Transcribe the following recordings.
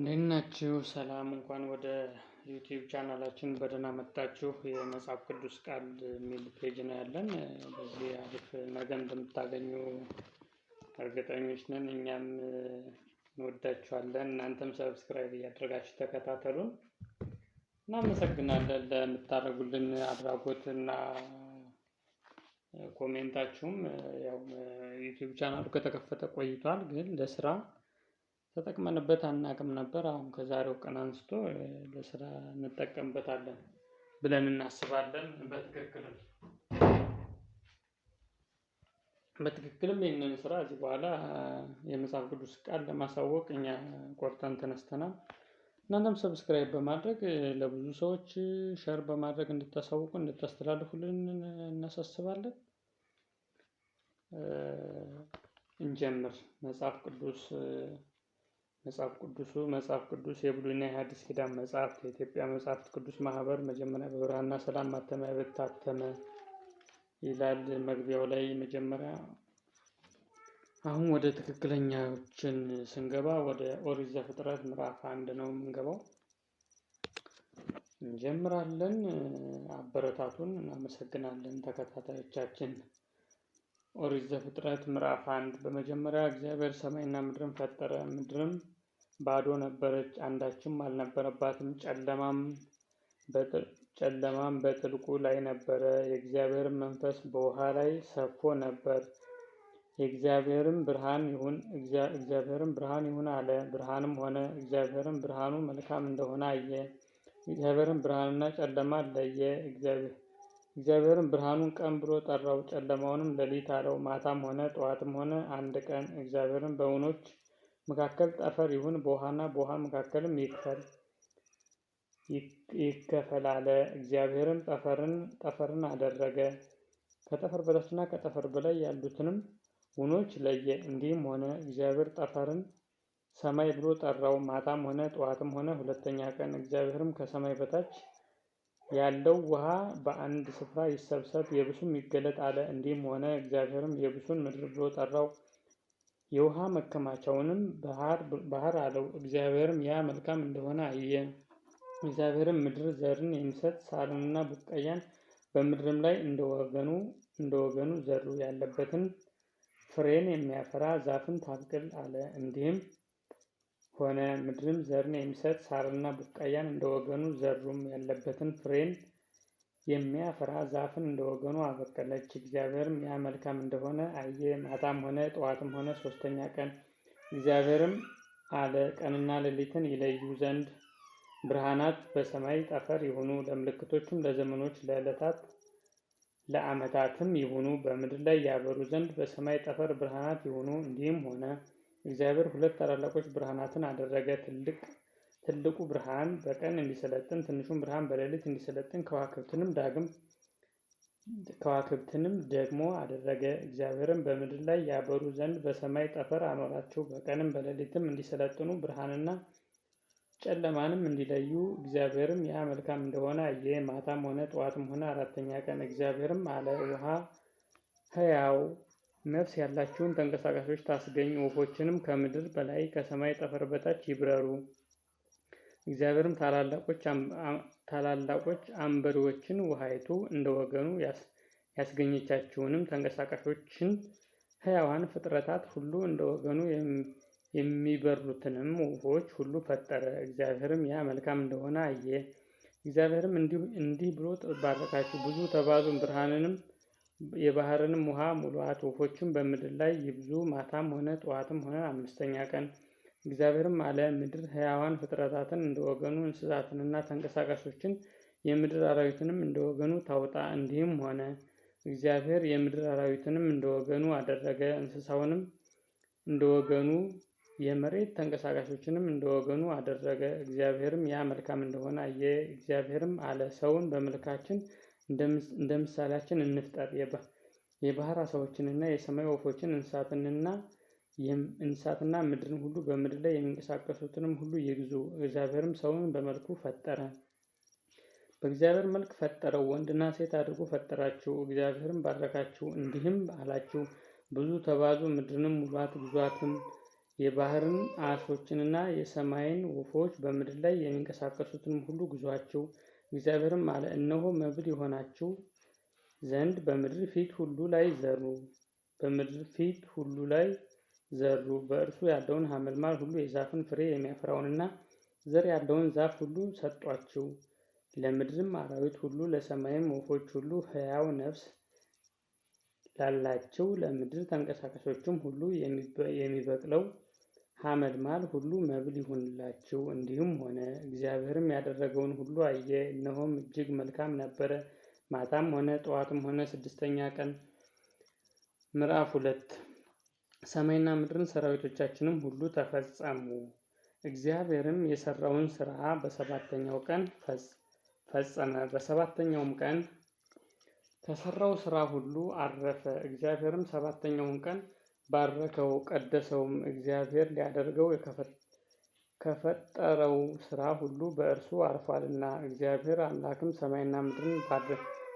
እንዴት ናችሁ? ሰላም። እንኳን ወደ ዩቲዩብ ቻናላችን በደህና መጣችሁ። የመጽሐፍ ቅዱስ ቃል የሚል ፔጅ ነው ያለን። በዚህ አሪፍ ነገር እንደምታገኙ እርግጠኞች ነን። እኛም እንወዳችኋለን። እናንተም ሰብስክራይብ እያደረጋችሁ ተከታተሉን። እናመሰግናለን ለምታደርጉልን አድራጎት እና ኮሜንታችሁም። ያው ዩቲዩብ ቻናሉ ከተከፈተ ቆይቷል፣ ግን ለስራ ተጠቅመንበት አናቅም ነበር። አሁን ከዛሬው ቀን አንስቶ ለስራ እንጠቀምበታለን ብለን እናስባለን። በትክክልም በትክክልም ይህንን ስራ እዚህ በኋላ የመጽሐፍ ቅዱስ ቃል ለማሳወቅ እኛ ቆርጠን ተነስተናል። እናንተም ሰብስክራይብ በማድረግ ለብዙ ሰዎች ሸር በማድረግ እንድታሳውቁ እንድታስተላልፉልን እናሳስባለን። እንጀምር መጽሐፍ ቅዱስ መጽሐፍ ቅዱሱ መጽሐፍ ቅዱስ የብሉይና የሐዲስ ኪዳን መጽሐፍ የኢትዮጵያ መጽሐፍት ቅዱስ ማህበር መጀመሪያ በብርሃንና ሰላም ማተሚያ ቤት ታተመ ይላል መግቢያው ላይ መጀመሪያ። አሁን ወደ ትክክለኛዎችን ስንገባ ወደ ኦሪት ዘፍጥረት ምዕራፍ አንድ ነው የምንገባው። እንጀምራለን። አበረታቱን። እናመሰግናለን ተከታታዮቻችን። ኦሪት ዘፍጥረት ምዕራፍ አንድ በመጀመሪያ እግዚአብሔር ሰማይና ምድርን ፈጠረ፣ ምድርም ባዶ ነበረች፣ አንዳችም አልነበረባትም። ጨለማም በጥልቁ ላይ ነበረ፣ የእግዚአብሔርም መንፈስ በውሃ ላይ ሰፎ ነበር። የእግዚአብሔርም ብርሃን ይሁን እግዚአብሔርም ብርሃን ይሁን አለ። ብርሃንም ሆነ። እግዚአብሔርም ብርሃኑ መልካም እንደሆነ አየ። እግዚአብሔርም ብርሃንና ጨለማ ለየ። እግዚአብሔርም ብርሃኑን ቀን ብሎ ጠራው፣ ጨለማውንም ሌሊት አለው። ማታም ሆነ ጠዋትም ሆነ አንድ ቀን። እግዚአብሔርም በውኖች መካከል ጠፈር ይሁን በውሃና በውሃ መካከልም ይክፈል ይከፈል አለ። እግዚአብሔርም ጠፈርን ጠፈርን አደረገ። ከጠፈር በታችና ከጠፈር በላይ ያሉትንም ውኖች ለየ። እንዲህም ሆነ። እግዚአብሔር ጠፈርን ሰማይ ብሎ ጠራው። ማታም ሆነ ጠዋትም ሆነ ሁለተኛ ቀን። እግዚአብሔርም ከሰማይ በታች ያለው ውሃ በአንድ ስፍራ ይሰብሰብ፣ የብሱም ይገለጥ አለ። እንዲህም ሆነ። እግዚአብሔርም የብሱን ምድር ብሎ ጠራው። የውሃ መከማቻውንም ባህር አለው። እግዚአብሔርም ያ መልካም እንደሆነ አየ። እግዚአብሔርም ምድር ዘርን የሚሰጥ ሳርንና ቡቃያን በምድርም ላይ እንደወገኑ እንደወገኑ ዘሩ ያለበትን ፍሬን የሚያፈራ ዛፍን ታብቅል አለ። እንዲህም ሆነ። ምድርም ዘርን የሚሰጥ ሳርና ቡቃያን እንደወገኑ ዘሩም ያለበትን ፍሬን የሚያፈራ ዛፍን እንደ ወገኑ አበቀለች። እግዚአብሔርም ያ መልካም እንደሆነ አየ። ማታም ሆነ ጠዋትም ሆነ ሶስተኛ ቀን። እግዚአብሔርም አለ ቀንና ሌሊትን ይለዩ ዘንድ ብርሃናት በሰማይ ጠፈር ይሁኑ፣ ለምልክቶችም፣ ለዘመኖች፣ ለዕለታት፣ ለዓመታትም ይሁኑ፣ በምድር ላይ ያበሩ ዘንድ በሰማይ ጠፈር ብርሃናት ይሁኑ። እንዲህም ሆነ። እግዚአብሔር ሁለት ታላላቆች ብርሃናትን አደረገ። ትልቅ ትልቁ ብርሃን በቀን እንዲሰለጥን ትንሹም ብርሃን በሌሊት እንዲሰለጥን ከዋክብትንም ዳግም ከዋክብትንም ደግሞ አደረገ። እግዚአብሔርም በምድር ላይ ያበሩ ዘንድ በሰማይ ጠፈር አኖራቸው። በቀንም በሌሊትም እንዲሰለጥኑ ብርሃንና ጨለማንም እንዲለዩ እግዚአብሔርም ያ መልካም እንደሆነ አየ። ማታም ሆነ ጠዋትም ሆነ አራተኛ ቀን። እግዚአብሔርም አለ ውሃ ሕያው ነፍስ ያላቸውን ተንቀሳቃሾች ታስገኝ፣ ወፎችንም ከምድር በላይ ከሰማይ ጠፈር በታች ይብረሩ እግዚአብሔርም ታላላቆች አንበሪዎችን ውሃይቱ እንደ ወገኑ ያስገኘቻችውንም ተንቀሳቃሾችን ሕያዋን ፍጥረታት ሁሉ እንደ ወገኑ የሚበሩትንም ወፎች ሁሉ ፈጠረ። እግዚአብሔርም ያ መልካም እንደሆነ አየ። እግዚአብሔርም እንዲህ ብሎ ባረካቸው፣ ብዙ ተባዙን፣ ብርሃንንም የባህርንም ውሃ ሙሉአት። ወፎችም በምድር ላይ ይብዙ። ማታም ሆነ ጠዋትም ሆነ አምስተኛ ቀን እግዚአብሔርም አለ ምድር ሕያዋን ፍጥረታትን እንደወገኑ እንስሳትንና ተንቀሳቃሾችን የምድር አራዊትንም እንደወገኑ ታውጣ። እንዲህም ሆነ። እግዚአብሔር የምድር አራዊትንም እንደወገኑ አደረገ፣ እንስሳውንም እንደወገኑ፣ የመሬት ተንቀሳቃሾችንም እንደወገኑ አደረገ። እግዚአብሔርም ያ መልካም እንደሆነ አየ። እግዚአብሔርም አለ ሰውን በመልካችን እንደ ምሳሌያችን እንፍጠር፣ የባህር አሳዎችንና የሰማይ ወፎችን እንስሳትንና እንስሳትና ምድርን ሁሉ በምድር ላይ የሚንቀሳቀሱትንም ሁሉ ይግዙ። እግዚአብሔርም ሰውን በመልኩ ፈጠረ። በእግዚአብሔር መልክ ፈጠረው፣ ወንድና ሴት አድርጎ ፈጠራቸው። እግዚአብሔርም ባረካቸው፣ እንዲህም አላቸው፦ ብዙ ተባዙ፣ ምድርንም ሙሏት፣ ግዟትም የባህርን አሶችንና የሰማይን ወፎች በምድር ላይ የሚንቀሳቀሱትንም ሁሉ ግዟቸው። እግዚአብሔርም አለ፣ እነሆ መብል የሆናችሁ ዘንድ በምድር ፊት ሁሉ ላይ ዘሩ፣ በምድር ፊት ሁሉ ላይ ዘሩ። በእርሱ ያለውን ሐመልማል ሁሉ የዛፍን ፍሬ የሚያፈራውንና ዘር ያለውን ዛፍ ሁሉ ሰጧቸው። ለምድርም አራዊት ሁሉ ለሰማይም ወፎች ሁሉ ሕያው ነፍስ ላላቸው ለምድር ተንቀሳቃሾችም ሁሉ የሚበቅለው ሐመልማል ሁሉ መብል ይሁንላቸው። እንዲሁም ሆነ። እግዚአብሔርም ያደረገውን ሁሉ አየ፣ እነሆም እጅግ መልካም ነበረ። ማታም ሆነ ጠዋትም ሆነ ስድስተኛ ቀን። ምዕራፍ ሁለት ሰማይና ምድርን ሰራዊቶቻችንም ሁሉ ተፈጸሙ። እግዚአብሔርም የሰራውን ስራ በሰባተኛው ቀን ፈጸመ። በሰባተኛውም ቀን ከሰራው ስራ ሁሉ አረፈ። እግዚአብሔርም ሰባተኛውን ቀን ባረከው፣ ቀደሰውም። እግዚአብሔር ሊያደርገው ከፈጠረው ስራ ሁሉ በእርሱ አርፏልና። እግዚአብሔር አምላክም ሰማይና ምድርን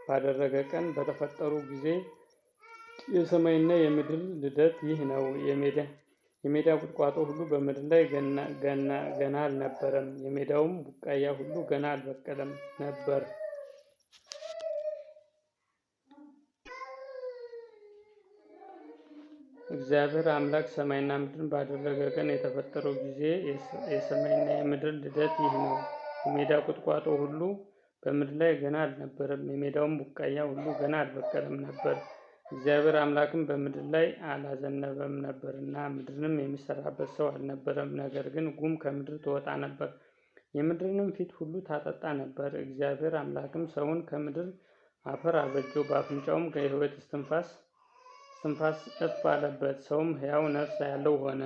ባደረገ ቀን በተፈጠሩ ጊዜ የሰማይና የምድር ልደት ይህ ነው። የሜዳ ቁጥቋጦ ሁሉ በምድር ላይ ገና አልነበረም፣ የሜዳውም ቡቃያ ሁሉ ገና አልበቀለም ነበር። እግዚአብሔር አምላክ ሰማይና ምድርን ባደረገ ቀን የተፈጠረው ጊዜ የሰማይና የምድር ልደት ይህ ነው። የሜዳ ቁጥቋጦ ሁሉ በምድር ላይ ገና አልነበረም፣ የሜዳውም ቡቃያ ሁሉ ገና አልበቀለም ነበር። እግዚአብሔር አምላክም በምድር ላይ አላዘነበም ነበርና ምድርንም የሚሰራበት ሰው አልነበረም። ነገር ግን ጉም ከምድር ትወጣ ነበር፣ የምድርንም ፊት ሁሉ ታጠጣ ነበር። እግዚአብሔር አምላክም ሰውን ከምድር አፈር አበጀው፣ በአፍንጫውም የሕይወት እስትንፋስ እስትንፋስ እፍ አለበት። ሰውም ሕያው ነፍስ ያለው ሆነ።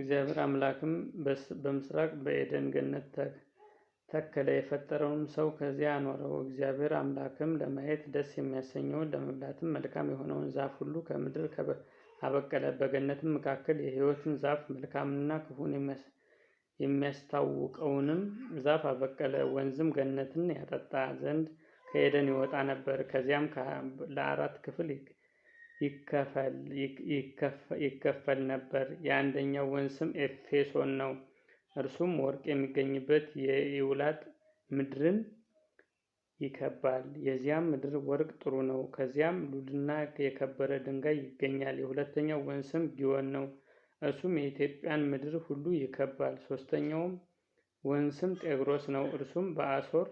እግዚአብሔር አምላክም በምስራቅ በኤደን ገነት ተከለ የፈጠረውን ሰው ከዚያ አኖረው። እግዚአብሔር አምላክም ለማየት ደስ የሚያሰኘውን ለመብላትም መልካም የሆነውን ዛፍ ሁሉ ከምድር አበቀለ። በገነትም መካከል የሕይወትን ዛፍ መልካምና ክፉን የሚያስታውቀውንም ዛፍ አበቀለ። ወንዝም ገነትን ያጠጣ ዘንድ ከኤደን ይወጣ ነበር። ከዚያም ለአራት ክፍል ይከፈል ነበር። የአንደኛው ወንዝ ስም ኤፌሶን ነው። እርሱም ወርቅ የሚገኝበት የኢውላጥ ምድርን ይከባል። የዚያም ምድር ወርቅ ጥሩ ነው። ከዚያም ሉድና የከበረ ድንጋይ ይገኛል። የሁለተኛው ወንስም ጊዮን ነው። እርሱም የኢትዮጵያን ምድር ሁሉ ይከባል። ሶስተኛውም ወንስም ጤግሮስ ነው። እርሱም በአሶር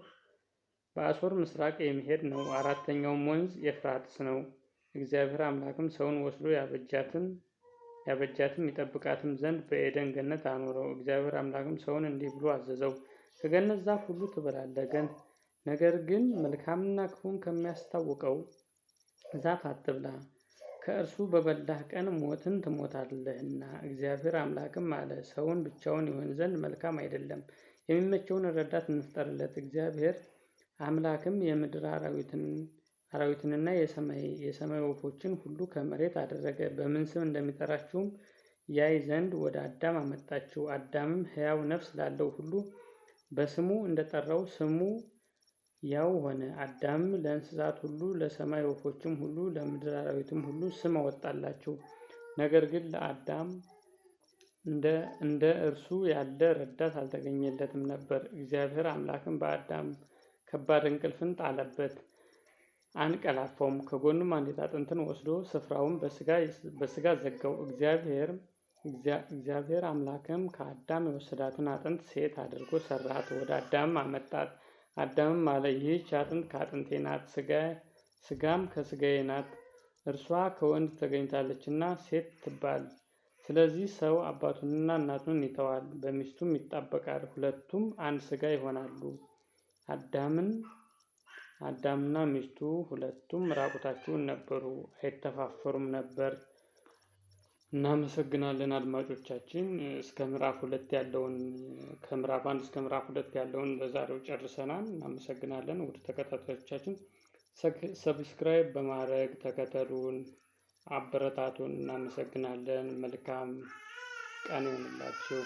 በአሶር ምስራቅ የሚሄድ ነው። አራተኛውም ወንዝ ኤፍራጥስ ነው። እግዚአብሔር አምላክም ሰውን ወስዶ ያበጃትን ያበጃትም ይጠብቃትም ዘንድ በኤደን ገነት አኖረው። እግዚአብሔር አምላክም ሰውን እንዲህ ብሎ አዘዘው፣ ከገነት ዛፍ ሁሉ ትበላለህ፣ ግን ነገር ግን መልካምና ክፉን ከሚያስታውቀው ዛፍ አትብላ፣ ከእርሱ በበላህ ቀን ሞትን ትሞታለህና። እግዚአብሔር አምላክም አለ፣ ሰውን ብቻውን ይሆን ዘንድ መልካም አይደለም፣ የሚመቸውን ረዳት እንፍጠርለት። እግዚአብሔር አምላክም የምድር አራዊትን አራዊትንና የሰማይ ወፎችን ሁሉ ከመሬት አደረገ። በምን ስም እንደሚጠራችሁም ያይ ዘንድ ወደ አዳም አመጣችው። አዳምም ሕያው ነፍስ ላለው ሁሉ በስሙ እንደጠራው ስሙ ያው ሆነ። አዳምም ለእንስሳት ሁሉ፣ ለሰማይ ወፎችም ሁሉ፣ ለምድር አራዊትም ሁሉ ስም አወጣላቸው። ነገር ግን ለአዳም እንደ እርሱ ያለ ረዳት አልተገኘለትም ነበር። እግዚአብሔር አምላክም በአዳም ከባድ እንቅልፍን ጣለበት። አንቀላፋውም። ከጎኑም አንዲት አጥንትን ወስዶ ስፍራውን በስጋ ዘጋው። እግዚአብሔር አምላክም ከአዳም የወሰዳትን አጥንት ሴት አድርጎ ሰራት፣ ወደ አዳም አመጣት። አዳምም አለ፣ ይህች አጥንት ከአጥንቴ ናት፣ ስጋም ከስጋዬ ናት። እርሷ ከወንድ ተገኝታለችና ሴት ትባል። ስለዚህ ሰው አባቱንና እናቱን ይተዋል፣ በሚስቱም ይጣበቃል፣ ሁለቱም አንድ ስጋ ይሆናሉ። አዳምን አዳምና ሚስቱ ሁለቱም ራቁታቸውን ነበሩ፣ አይተፋፈሩም ነበር። እናመሰግናለን አድማጮቻችን። እስከ ምዕራፍ ሁለት ያለውን ከምዕራፍ አንድ እስከ ምዕራፍ ሁለት ያለውን በዛሬው ጨርሰናል። እናመሰግናለን ውድ ተከታታዮቻችን። ሰብስክራይብ በማድረግ ተከተሉን፣ አበረታቱን። እናመሰግናለን። መልካም ቀን ይሆንላችሁ።